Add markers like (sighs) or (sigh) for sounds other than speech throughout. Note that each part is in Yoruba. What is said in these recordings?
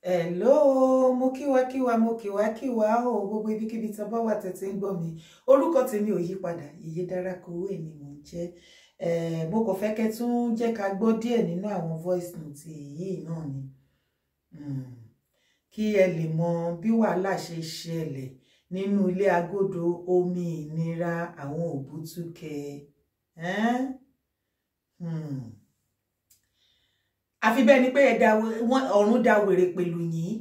hello mo kíwákíwá mo kíwákíwá o gbogbo ibikíbi tí a bá wà tẹ̀tẹ̀ ń gbọ́ mi orúkọ tèmi ò yí padà Ìyèdára Kòwé ni mò ń jẹ́ mo kàn fẹ́ kẹ́ tún jẹ́ ká gbọ́ díẹ̀ nínú àwọn voice note yìí náà ni hmm. kí ẹ lè mọ bí wàhálà ṣe ṣẹlẹ̀ nínú ilé agodo omi ìnira àwọn Òbútúkẹ. Eh? Hmm àfi bẹ́ẹ̀ ni pé ọ̀run da wèrè pẹ̀lú yín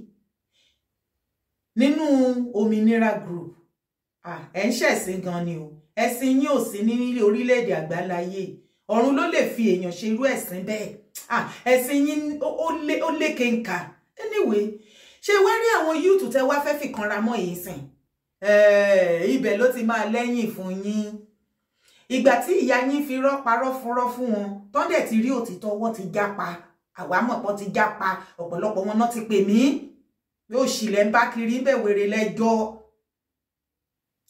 nínú òmìnira group ẹ̀ ń ṣẹ̀sìn gan ni o ẹ̀sìn yín ò sí ní orílẹ̀-èdè àgbáláyé ọ̀run ló lè fi èèyàn ṣe irú ẹ̀sìn bẹ́ẹ̀ ẹ̀sìn yín ó léke nǹka anyway ṣé wá rí àwọn yúùtù tẹ wá fẹ́ fi kanra mọ́ èyí sìn ibẹ̀ ló ti máa lẹ́yìn fún yín ìgbà tí ìyá yín fi rọ́ parọ́ fúnrọ́ fún wọn tọ́dẹ̀ ti rí òtítọ́ ọwọ́ ti jápa àwa mọ̀pọ̀ ti jápa ọ̀pọ̀lọpọ̀ wọn náà ti pè mí yóò ṣìlẹ̀ ń bá kiri ń bẹ̀ wèrè lẹ́jọ́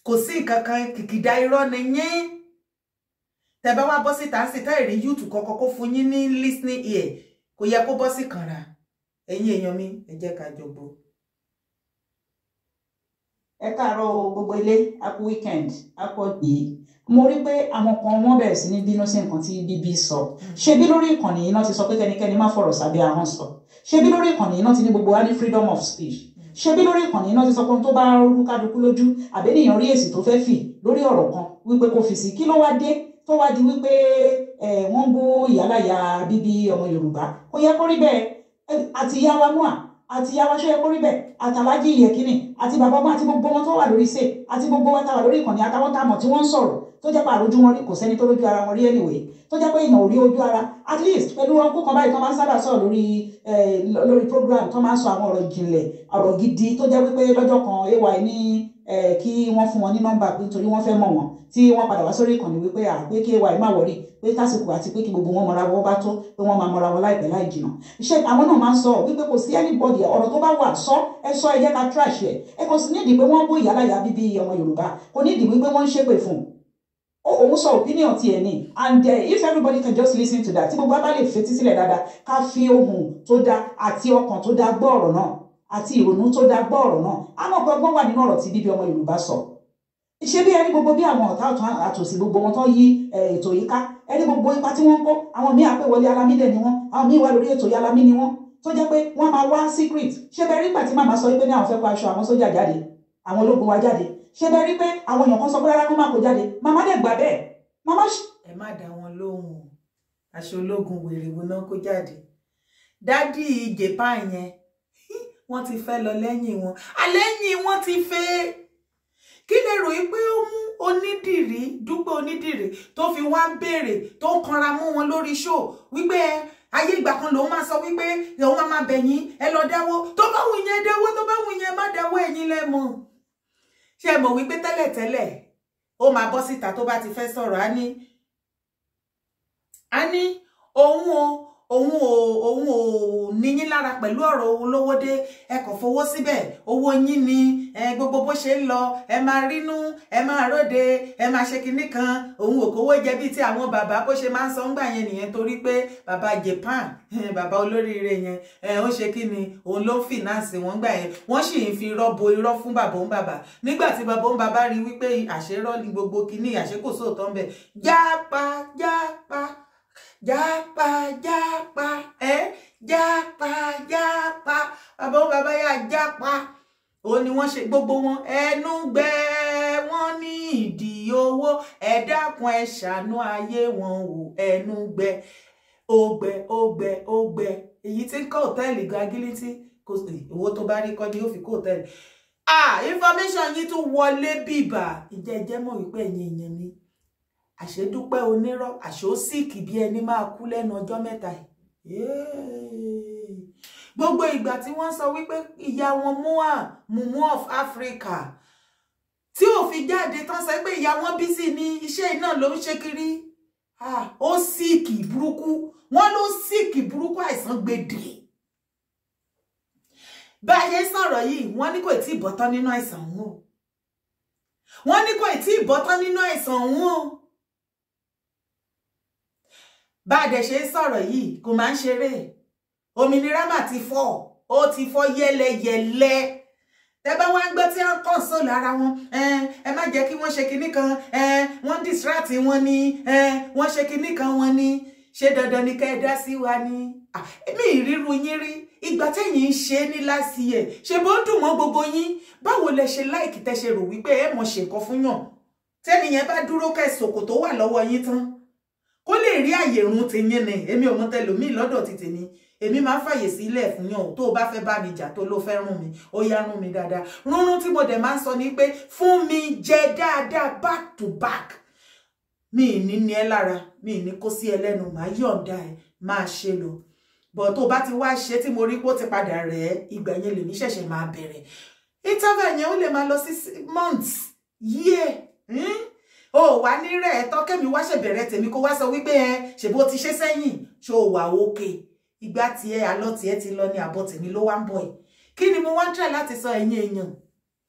kò sí nǹkan kan kìkìdá irọ́ ni yín tẹ bá wá bọ́ síta sí tẹ́ ìrí yúùtù kọ́kọ́ kó fún yín ní listening ear kò yẹ kó bọ́ sí kànra ẹ̀yin èèyàn mi ẹ jẹ́ ká jọgbó. ẹ káàárọ̀ gbogbo ilé a kú weekend a kú ọ̀dì mo rí pé àwọn kan wọ́n bẹ̀rẹ̀ sí ní bínú sí nǹkan tí Bíbí sọ ṣebí lórí ìkànnì yìí náà ti sọ pé kẹ́nikẹ́ni má fọ̀rọ̀ sábẹ́ ahọ́n sọ ṣebí lórí ìkànnì yìí náà ti ní gbogbo wa ní freedom of speech ṣebí lórí ìkànnì náà ti sọ pé tó bá rú kádùkú lójú àbẹ́nìyàn rí èsì tó fẹ́ fì lórí ọ̀rọ̀ kan wípé kò fi sí kí ló wá dé tó wá di wípé wọ́n bú ìyálàyà Bíbí ọmọ Yorùbá kò yẹ kó rí bẹ́ẹ̀ àti ìyá wa mú à àti aráṣẹ epo ríbẹ̀ àtàlájì ìyẹ̀kínì àti bàbá ọmọ àti gbogbo wọn tó wà lórí ṣe àti gbogbo wọn táwà lórí ìkànnì àtàwọn táàmọ̀ tí wọ́n ń sọ̀rọ̀ tó jẹ́ pé àròjú wọn rí kò sẹ́ni tó lójú ara wọn rí anyway tó jẹ́ pé ìnà ò rí ojú ara at least pẹ̀lú wọn kó kan báyìí tó máa ń sábà sọ̀rọ̀ lórí lórí program tó máa ń sọ àwọn ọ̀rọ̀ ìjìnlẹ̀ ọ̀rọ̀ gidi tó jẹ́ wípé lọ́jọ́ kan ay ní kí wọ́n fún wọn ní nọ́mbà pé nítorí wọ́n fẹ́ mọ̀ wọ́n tí wọ́n padà wá sórí ìkànnì wípé à pé kí ay má wọrí pé tásìkò àti pé kí gbogbo wọn mọra wọn bá tó pé wọ́n máa mọra wọn láìpẹ́ láì jìnnà iṣẹ́ àwọn náà máa ń sọ wípé kò sí anybody ọ̀rọ̀ tó bá wà sọ ẹ sọ ẹ jẹ́ ká trash ẹ ẹ kò sí nídìí pé wọ́n bó ìyálàyà bíbí ọmọ Yorùbá kò nídìí wípé wọ́n ń ṣépè fún òun sọ opinion tiẹ̀ ni and uh, if everybody can just listen to that tí gbogbo abá lè fetí sílẹ̀ dáadáa ká fi ohùn tó dáa àti ọkàn tó dáa gbọ́ ọ̀rọ̀ náà àti ìrònú tó dá gbọ́ ọ̀rọ̀ náà á mọ̀ pé ọgbọ́n wà nínú ọ̀rọ̀ tí bíbí ọmọ Yorùbá sọ ṣé bí ẹni gbogbo bí àwọn ọ̀tá ọ̀tún àtòsí gbogbo wọn tó yí ètò yìí ká ẹni gbogbo ipa tí wọ́n kó àwọn míì àpéwọlé alámídẹ̀ ni wọ́n àwọn míì wà lórí ètò yìí alámí ni wọ́n tó jẹ́ pé wọ́n máa wá secret ṣé bẹ́ẹ̀ rí pàtí màmá sọ pé ní àwọn fẹ́ kó aṣọ àwọn sójà jáde àwọn ológun wa jáde ṣé bẹ́ẹ̀ rí pé àwọn èèyàn kan sọ pé rárá kó má kó jáde màmá dẹ̀ gbà bẹ́ẹ̀ màmá. ẹ má dá wọn lóhùn o aṣọ ológun wèrè wo náà kó jáde dádì Japan yẹn wọ́n ti fẹ́ lọ lẹ́yìn wọn àlẹ́yìn wọ́n ti fẹ́ kí lè ròyìn pé ó mú onídìrí dúpẹ́ onídìrí tó fi wá ń béèrè tó ń kanra mú wọn lórí ṣó wípé ayé ìgbà kan lòun máa sọ wípé òun máa máa bẹ̀yìn ẹ lọ dáwó tó bá wù yẹn dáwó tó bá wù yẹn má dáwó ẹ̀yin lẹ mọ̀ ṣé ẹ mọ̀ wípé tẹ́lẹ̀tẹ́lẹ̀ ó máa bọ́ síta tó bá ti fẹ́ sọ̀rọ̀ á ní á ní òun o òun ò òun ò níyín lára pẹ̀lú ọ̀rọ̀ olówódé ẹ kò fowó síbẹ̀ owó yín ni ẹ gbogbo bó ṣe ń lọ ẹ máa rínú ẹ máa ròde ẹ máa ṣe kinní kan òun ò kówó jẹ bíi ti àwọn bàbá bó ṣe máa ń sọ ń gbà yẹn nìyẹn torí pé bàbá Japan (laughs) bàbá olóríire yẹn ẹ ó ṣe kí ni òun ló ń fìnáàsì wọn gbà yẹn wọ́n sì ń fi rọ́bo irọ́ fún bàbá ń bàbá nígbà tí bàbá ń bàbá rí wípé àṣẹ rọ́ọ̀lì gbogbo kinní àṣẹ kò Japa, Japa, ẹ Japa, Japa, bàbá wọn bàbá yà jápa òun ni wọ́n ṣe gbogbo wọn ẹnu gbẹ wọ́n ní ìdí owó ẹ dákun ẹ ṣàánú ayé wọn wò ẹnu gbẹ ogbẹ ogbẹ ogbẹ èyí tí ń kọ́ òtẹ́ẹ̀lì gagilítì kò sí owó tó bá rí kọ́ ni ó fi kọ́ òtẹ́ẹ̀lì ah information yìí tún wọlé bíbà ìjẹ́jẹ́ mọ̀ wípé ẹ̀yin èèyàn mi àṣedúpẹ́ onírọ́ àṣòsíìkì bí ẹni máa kú lẹ́nu ọjọ́ mẹ́ta gbogbo ìgbà tí wọ́n sọ wípé ìyá wọn mua mumu of Africa tí ò fi jáde tán sọ pé ìyá wọn bí sí ní iṣẹ́ iná ló ń ṣe kiri ó síìkì burúkú wọ́n ló síìkì burúkú àìsàn gbèdè bá a ṣe sọ̀rọ̀ yìí wọ́n ní kò tí ì bọ́tán nínú àìsàn òun o wọ́n ní kò tí ì bọ́tán nínú àìsàn òun o bá a dẹ̀ ṣe ń sọ̀rọ̀ yìí kò máa ń ṣeré òmìnira mà ti fọ́ ó ti fọ́ yẹ́lẹyẹ̀lẹ tẹ bá wọn gbọ́ tí wọn kàn sóòlù ara wọn ẹ má jẹ́ kí wọ́n ṣe kinní kan wọ́n distract wọn ni wọ́n ṣe kinní kan wọn ni ṣé dandan ni kẹ́ ẹ dá sí wa ni èmi ìrírú yín rí ìgbà tẹ̀yìn ń ṣe ní láti yẹ ṣe bó ń dùn mọ́ gbogbo yín báwo lẹ ṣe láìkì tẹ ṣe rò wípé ẹ mọ̀ ṣe nǹkan fún yàn tẹ́nìyẹn bá dúró kẹ́ tó wà lọ́wọ́ yín tán rí àyè irun ti yín ni èmi ò mọ tẹlòmíì lọ́dọ̀ ti tèmi èmi máa fàyè sílẹ̀ fún yàn tó bá fẹ́ bá mi jà tó ló fẹ́ rún mi ó yá rún mi dáadáa rúnrún tí mo dẹ̀ máa ń sọ ni pé fún mi jẹ dáadáa back to back mi ní ní ẹ lára mi ní kó sí ẹ màá yọ̀ǹda ẹ máa ṣe lọ bọ̀ tó bá ti wá ṣe tí mo rí pé ó ti padà rẹ̀ ìgbà yẹn lèmi ṣẹ̀ṣẹ̀ máa bẹ̀rẹ̀ interval yẹn ó lè máa lọ sí months year hmm? o wà ní rẹ̀ ẹ̀tọ́ kẹ́mi wá ṣèbẹ̀rẹ̀ tèmi kó wá sọ wípé ẹ ṣèbó ti ṣe sẹ́yìn ṣó o wà òkè ìgbà tiẹ̀ àlọ́ tiẹ̀ ti lọ ní àbọ̀ tèmi ló wá ń bọ̀ ẹ̀ kí ni mo wá ń tẹ̀ láti sọ ẹ̀yìn èèyàn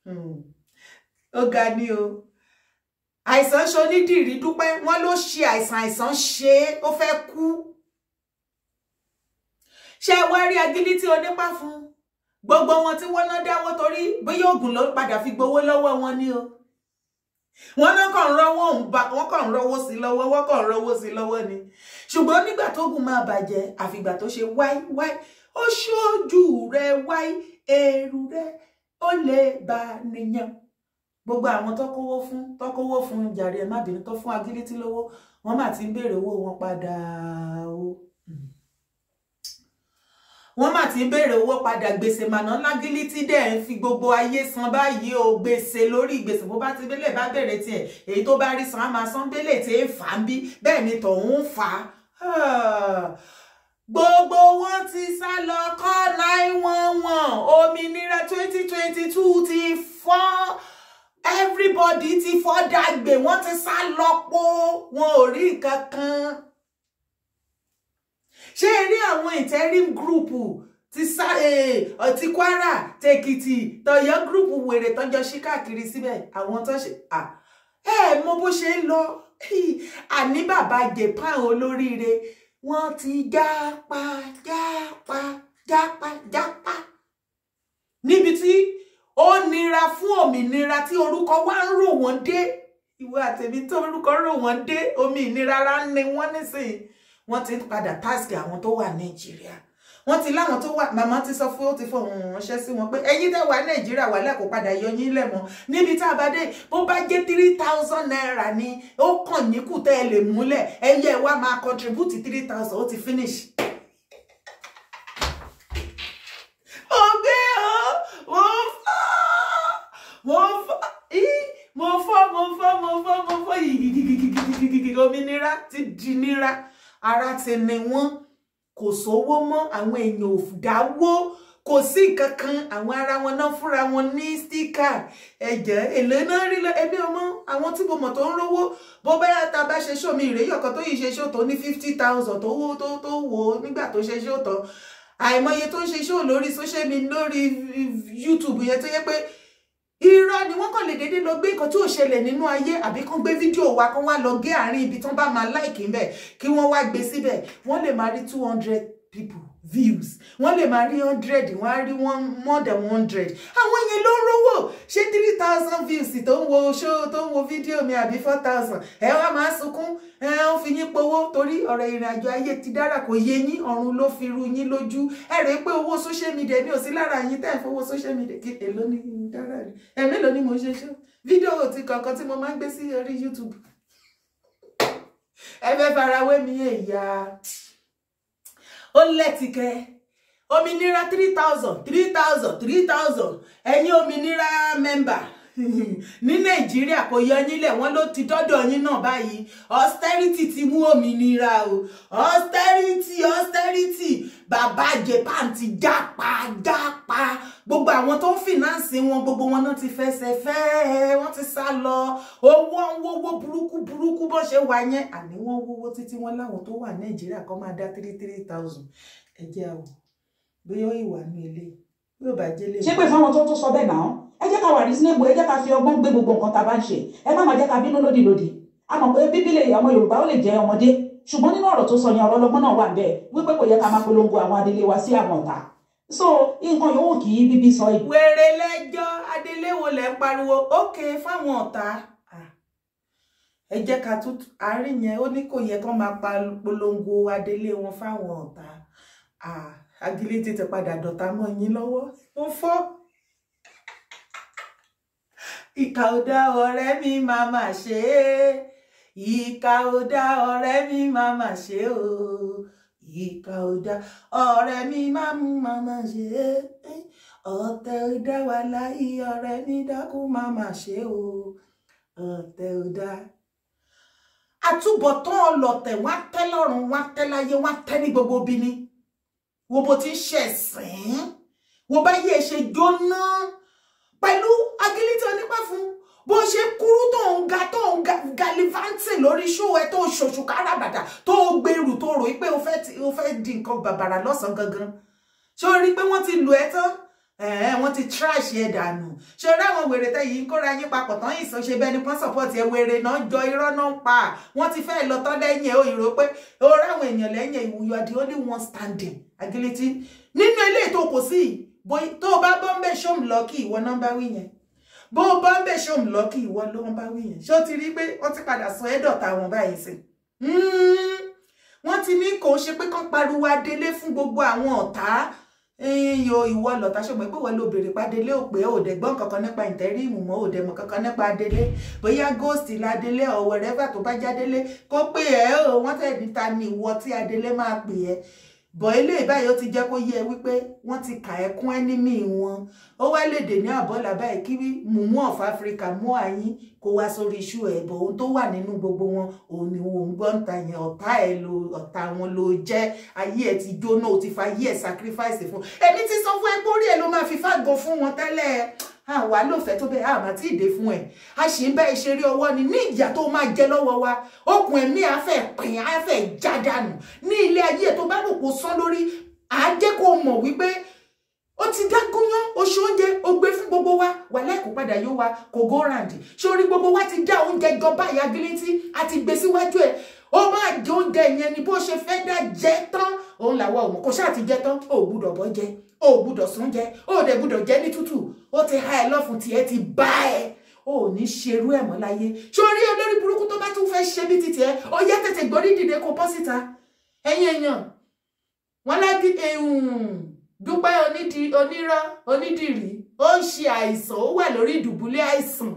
hmm. ó ga ni o àìsàn ṣonídìrí dúpẹ́ wọ́n ló ṣe àìsàn àìsàn ṣe é ó fẹ́ kú ṣé ẹ wá rí agídí tí onípá fún gbogbo wọn tí wọ́n ná dáwọ́ torí bóyá oògùn ló padà fi gbowó lọ́wọ́ wọn ni o wọ́n náà kàn rọwọ́ òun bá wọ́n kàn rọwọ́ sí lọ́wọ́ wọ́n kàn rọwọ́ sí lọ́wọ́ ni ṣùgbọ́n nígbà tógun máa bàjẹ́ àfìgbà tó ṣe wáí wáí ó ṣojú rẹ wáí èrú rẹ ó lè bá nìyàn gbogbo àwọn tọkọwọ fún tọkọwọ fún jàre ẹ má bínú tó fún agilítí lówó wọ́n má ti ń béèrè owó wọn padà o. Mm wọ́n mà ti ń béèrè owó padà gbèsè màná lágílí tí dẹ̀ ń fi gbogbo ayé san báyìí o gbèsè lórí gbèsè bó bá ti bélè bá bèrè tiẹ̀ èyí tó bá rí san á máa san bélè tí ń fà ń bí bẹ́ẹ̀ ni tọ̀hún ń fà á (sighs) gbogbo wọn ti sá lọ kọ́ nine one one òmìnira twenty twenty two ti fọ́ everybody ti fọ́ dàgbé wọ́n ti sá lọ po wọn ò rí nǹkan kan ṣé ẹ rí àwọn interim group ti sa eh, ti Kwara tèkìtì tọyọ group wèrè tọjọ sí káàkiri síbẹ̀ àwọn tó ṣe ẹ mọ bó ṣe ń lọ àní bàbá Japan olóríire wọ́n ti jápa jápa jápa jápa níbi tí ó nira fún òmìnira tí orúkọ wa ń rò wọ́n dé ìwé àtẹ̀mí tó orúkọ rò wọ́n dé omi ìnira ara ń ni wọ́n nísìnyí wọ́n ti ń padà táàsì to tó wà nàìjíríà wọ́n ti láwọn tó wà màmá ti sọ fún ó ti fọ òun ránṣẹ́ sí wọn pé ẹ̀yin tẹ́ wà nàìjíríà wà lẹkọọ padà yọ yín lẹmọ níbi tá a bá dé bó bá jẹ́ three thousand naira ni ó kàn ní kù tẹ́ ẹ lè múlẹ̀ ẹyẹ wa máa contribute three thousand ó ti finish. ọgbẹ́ o mo fọ́ mo fọ́ mo fọ́ mo fọ́ mo fọ́ yìí gidi gidi gidi gidi òmìnira ti di nira ara ti ni wọ́n kò sówó mọ́ àwọn èèyàn ò dáwó kò sí nǹkan kan àwọn ara wọn náà fúnra wọn ní stíkà ẹ̀jẹ̀ èlé náà rí lọ ẹbí ọmọ àwọn tí mo tó ń rówó bó bẹ́ẹ̀ ta bá ṣe ṣó mi ìrèyí ọ̀kan tó yìí ṣe ṣó tó ní fifty thousand tó wó tó tó wò ó nígbà tó ṣe ṣó tán àìmọye tó ṣe ṣó lórí social media lórí YouTube yẹn tó yẹ pé irọ́ ni wọ́n dédé lọ gbé nǹkan tí ò ṣẹlẹ̀ nínú ayé àbí kán gbé fídíò wa kán wá lọ gé àárín ibi tán bá máa láìkì ń bẹ̀ kí wọ́n wá gbé síbẹ̀ wọ́n lè máa rí two hundred people views wọ́n lè máa rí hundred wọ́n á rí one more than hundred àwọn yẹn ló ń rówó ṣé three thousand views tó ń wo ṣó tó ń wo fídíò mi àbí four thousand ẹ wá máa sunkún ẹ ń fi yín powó torí ọ̀rọ̀ ìrìn àjò ayé ti dára kò yé yín ọ̀run ló fi ru yín lójú ẹ rè pé owó social media ní òsí lára yín tẹ́ ẹ̀ fowó social media kéde lónìí dára rẹ̀ ẹ̀ mélòó ni mo ṣe ṣó fídíò ti kọ̀ọ̀kan tí mo máa ń gbé sí orí YouTube ẹ fẹ́ farawé mi èyà. Olétikẹ́ òmìnira three thousand three thousand three thousand ẹ̀yin òmìnira mẹ́mbà (laughs) ní nàìjíríà kò yọ nílẹ̀ wọ́n ló ti dọ́dọ̀ yín náà báyìí austerity ti mú òmìnira o austerity austerity bàbá japan ti jápa jápa gbogbo àwọn tó ń fìnáǹsì wọn gbogbo wọn náà ti fẹsẹ̀ fẹ́ wọ́n ti sá lọ owó ń wówó burúkú burúkú bó ṣe wà yẹn àní wọ́n wówó títí wọ́n láwọn tó wà nàìjíríà kan máa dá three three thousand ẹ jẹ́ àwọn bóyá ìwà ní eléyìí yóò bá jẹ́lé. ṣé pé fáwọn tó tó sọ bẹ́ẹ̀ náà ẹ jẹ́ ká wà rí sínú ẹ jẹ́ ká fi ọgbọ́n gbé gbogbo nǹkan tá a bá ń ṣe ẹ má má jẹ́ ká bínú lódìlódì a mọ̀ pé bíbélì àwọn yorùbá ó lè jẹ́ ọmọdé ṣùgbọ́n nínú ọ̀rọ̀ tó sọ yẹn ọ̀rọ̀ ọlọ́gbọ́n náà wà bẹ́ẹ̀ wípé kò yẹ ká máa polongo àwọn adelé wa sí àwọn ọ̀tá so nǹkan yòówù kì í bíbí sọ yìí. wèrè lẹ́jọ́ adelé wo lẹ ń pariwo ókè fáwọn ọ̀tá ẹ jẹ́ ká tún àárín yẹn ó ní kò yẹ kán máa polongo adelé wọn fáwọn ọ̀tá agilé tètè padà dọ̀tá mọ́ yín lọ́wọ́ ó fọ́. ìkà ò ọ̀rẹ́ mi máa mà ṣe é ìkà ò ọ̀rẹ́ mi máa mà ṣe é o ìkà ò dá ọ̀rẹ́ mi máa mú máa mà ṣe é ọ̀tẹ̀ ò wà láyé ọ̀rẹ́ mi dákú máa mà ṣe é o ọ̀tẹ̀ ò dá àtúbọ̀tán ọlọ̀tẹ̀ wá tẹ́ lọ́rùn wá tẹ́ láyé wá tẹ́ ní gbogbo bí ni wo bó ti ń ṣẹ̀sìn wo bá yẹ ṣe jóná pẹ̀lú agilítì onípá fún bó ṣe kúrú tó ń ga tó ń galivante lórí ṣó ẹ tó ṣòṣù kárabàdà tó gbèrú tó rò pé o fẹ́ di nǹkan bàbàrà lọ́sàn-án gangan ṣé o rí i pé wọ́n ti lù ẹ́ tán wọ́n ti trash yẹn dànù ṣé ráwọn wèrè tẹ́ yìí ń kóra yín papọ̀ tán yìí So ṣe be ni pọ́n support ẹ wèrè náà jọ irọ́ náà pa wọ́n ti fẹ́ lọ tọ́ lẹ́yìn ẹ̀ ó ìró pé ó ráwọn èèyàn lẹ́yìn ìwú you are the only one standing agility nínú ilé ètò kò sí tó o bá bọ́m̀bẹ̀ ṣóòm lọ́kì ìwọ náà bá wí yẹn bó o bọ́m̀bẹ̀ ṣóòm lọ́kì ìwọ ló ń bá wí yẹn ṣé o ti rí pé wọ́n ti padà sọ ẹ́ dọ̀tá wọn báyìí sí hmm. wọ́n ti ní kò ń ṣe pé kán pariwo adélé gbogbo àwọn ọ̀tá yo ìwọ lọ̀tá ṣùgbọ́n pé wọ́n ló béèrè pa délé ò pé òde gbọ́n kankan nípa ìtẹ́rìmù mọ́ òde mọ̀ kankan nípa délé bóyá góòsì la délé ọ̀wẹ̀rẹ́fà tó bá já délé kó pè ẹ́ o wọ́n tẹ̀ níta ni ìwọ tí adélé máa pè ẹ́ bọ̀ eléyìí báyìí ó ti jẹ́ kó yẹ wípé wọ́n ti kà ẹ́ kún ẹ́nímì wọn ó wá lè dè ní àbọ̀là báyìí kí mùmú of Africa mú àyín kó wá sórí iṣu ẹ̀ bọ̀ ohun tó wà nínú gbogbo wọn òun ni òun gbọ́ ń ta yẹn ọ̀tá ẹ̀ lo ọ̀tá wọn ló jẹ́ ayé ẹ̀ ti jóná ó ti fa ayé ẹ̀ sacrifice fún ẹni tí sọ fún ẹ pórí ẹ̀ ló máa fi fáàgò fún wọn tẹ́lẹ̀ àwọn alófẹ́ tó bẹ́ẹ̀ àmọ́ tí ìdè fún ẹ̀ a sì ń bá ẹ ṣeré ọwọ́ ni ní ìyà tó máa jẹ lọ́wọ́ wa okùn ẹ̀mí afẹ́ pín afẹ́ já dànù ní ilé ayé tó bá rò kó sán lórí à á jẹ́ kó mọ̀ wípé ó ti dágúnyán oṣù oúnjẹ ó gbé fún gbogbo wa wà láìkó padà yóò wa kò go round sórí gbogbo wa ti dá oúnjẹ jọba ìyá gílétí àti gbèsíwájú ẹ̀ oúnjẹ yẹn ni bó ṣe fẹ́ dá jẹ tán òun làwa òun kò ṣáà ti jẹ tán ò gbúdọ̀ bọ́ jẹ ò gbúdọ̀ sún jẹ ò dẹ̀ gbúdọ̀ jẹ ní tútù ó ti há ẹ lọ́fun tiẹ̀ ti bá ẹ ò ní ṣerú ẹ̀ mọ́ láyé sórí olórí burúkú tó bá tún fẹ́ ṣe bí titi ẹ ó yẹ tètè gbórí dìde kó bọ́ síta ẹ̀yin èèyàn wọn lágí ehm, dúpẹ́ onírọ́ onídìrí ó ń ṣe àìsàn ó wà lórí ìdùbúlẹ̀ àìsàn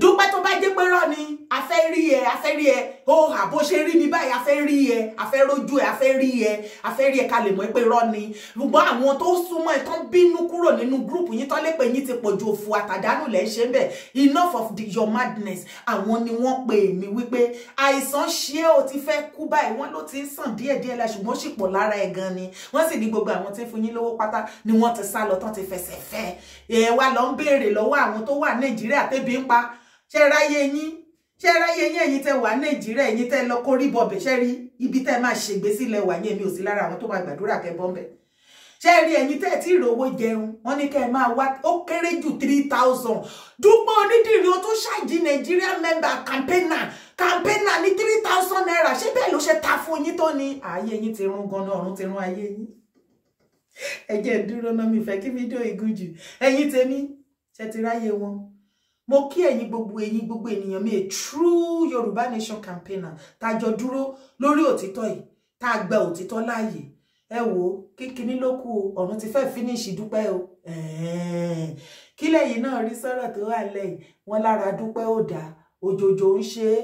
dúpẹ́ tó bá jẹ́ pé rọ́ ni afẹ́ rí ẹ afẹ́ rí ẹ ó hà ṣe rí mi báyìí a rí ẹ a rójú ẹ a rí ẹ a rí ẹ ká lè mọ̀ pé irọ́ ni ṣùgbọ́n àwọn tó súnmọ́ ẹ tán bínú kúrò nínú gúrùpù yín tán lé yín ti pọ̀ ju òfu àtàdánù lẹ́ ṣe ń bẹ̀ enough of the, your madness àwọn ni wọ́n pe èmi wípé àìsàn ṣe é o ti fẹ́ kú báyìí wọ́n ló ti ń sàn díẹ̀díẹ̀ la ṣùgbọ́n sì pọ̀ lára ẹ̀ gan ni wọ́n sì ní gbogbo àwọn tí ń fún yín lówó pátá ni wọ́n ti sá lọ tán ti fẹsẹ̀ fẹ́ ẹ̀ wá lọ ń béèrè lọ́wọ́ àwọn tó wà Nàìjíríà tẹ́bi ń pa ṣe yín ṣe ráyé yín ẹ̀yin tẹ wà nàìjíríà ẹ̀yin tẹ lọ kórí bọ̀bẹ̀ ṣe rí ibi tẹ máa ṣègbè sílẹ̀ wà yín èmi ò sí lára àwọn tó máa gbàdúrà kẹ bọ́m̀bẹ̀ ṣe rí ẹ̀yin tẹ tí ìrówó jẹun wọn ní kẹ máa wá ó kéré jù three thousand dúpọ̀ onídìrí o tó ṣáàjì nàìjíríà member campaigner campaigner ní three thousand naira ṣé bẹ́ẹ̀ ló ṣe ta fún yín tó ní ààyè yín ti rún ganan ọ̀run ti rún ayé yín ẹ jẹ́ dúró náà mi fẹ́ kí fídíò igun jù ẹ̀yin tèmi ṣe ti ráyè wọn mo kí ẹ̀yin gbogbo ẹ̀yin gbogbo ènìyàn mi a true yorùbá nation campaigner tá a jọ dúró lórí òtítọ́ yìí tá a gba òtítọ́ láàyè ẹ wò ó kíkiní ló kù o ọ̀run ti fẹ́ finish dúpẹ́ o kílẹ̀ yìí náà rí sọ́rọ̀ tó wà lẹ́yìn wọn lára dúpẹ́ ò dáa òjòjò ń ṣe é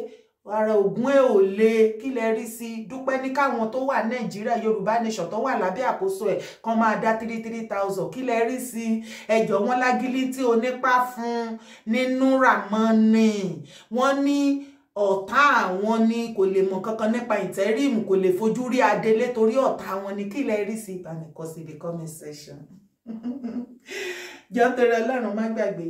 ara ògùn ẹ ò le kí lẹ rí sí i dúpẹ́ ní káwọn tó wà nàìjíríà yorùbá nation tó wà lábẹ́ àkóso ẹ̀ kan máa dá three three thousand kí lẹ rí sí i ẹjọ́ wọn lágílí tí onípá fún nínú ràmọ́ni wọ́n ní ọ̀tá àwọn ni kò lè mọ̀ kankan nípa ìtẹ́rìmù kò lè fojú rí adelé torí ọ̀tá wọn ni kí lẹ rí sí i bá comment section (laughs) jọ́ torí ọlọ́run má gbàgbé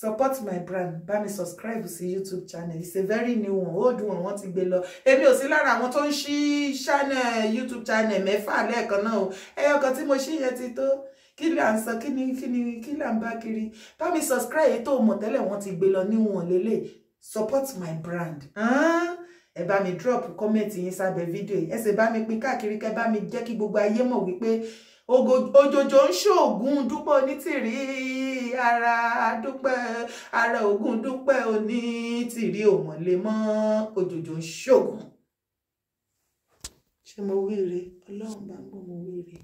support my brand bá mi subscribe sí youtube channel it's a very new one ó dùn wọn ti gbé lọ èmi ò sí Lara, àwọn tó ń ṣí channel youtube channel mẹ́fà lẹ́ẹ̀kan náà o ẹyọ kan tí mo ṣí yẹn ti tó kí là ń sọ kí ni kí ni kí là ń bá kiri bá mi subscribe tó mọ̀ tẹ́lẹ̀ wọ́n ti gbé lọ níwọ̀n lélẹ̀ support my brand Ah. ẹ bá mi drop comment yín sábẹ́ fídíò yìí ẹ sì bá mi pín káàkiri kẹ́ bá mi jẹ́ kí gbogbo ayé mọ̀ wípé òjòjò ń ṣoògùn Dúpẹ́ Onítìrí ara dúpẹ́ ara ogun dúpẹ́ òní tìrí òmọ̀lémọ́ òjòjò ń ṣògùn ṣé mo wíire ọlọ́run bá ń gbọ́ mo wíire.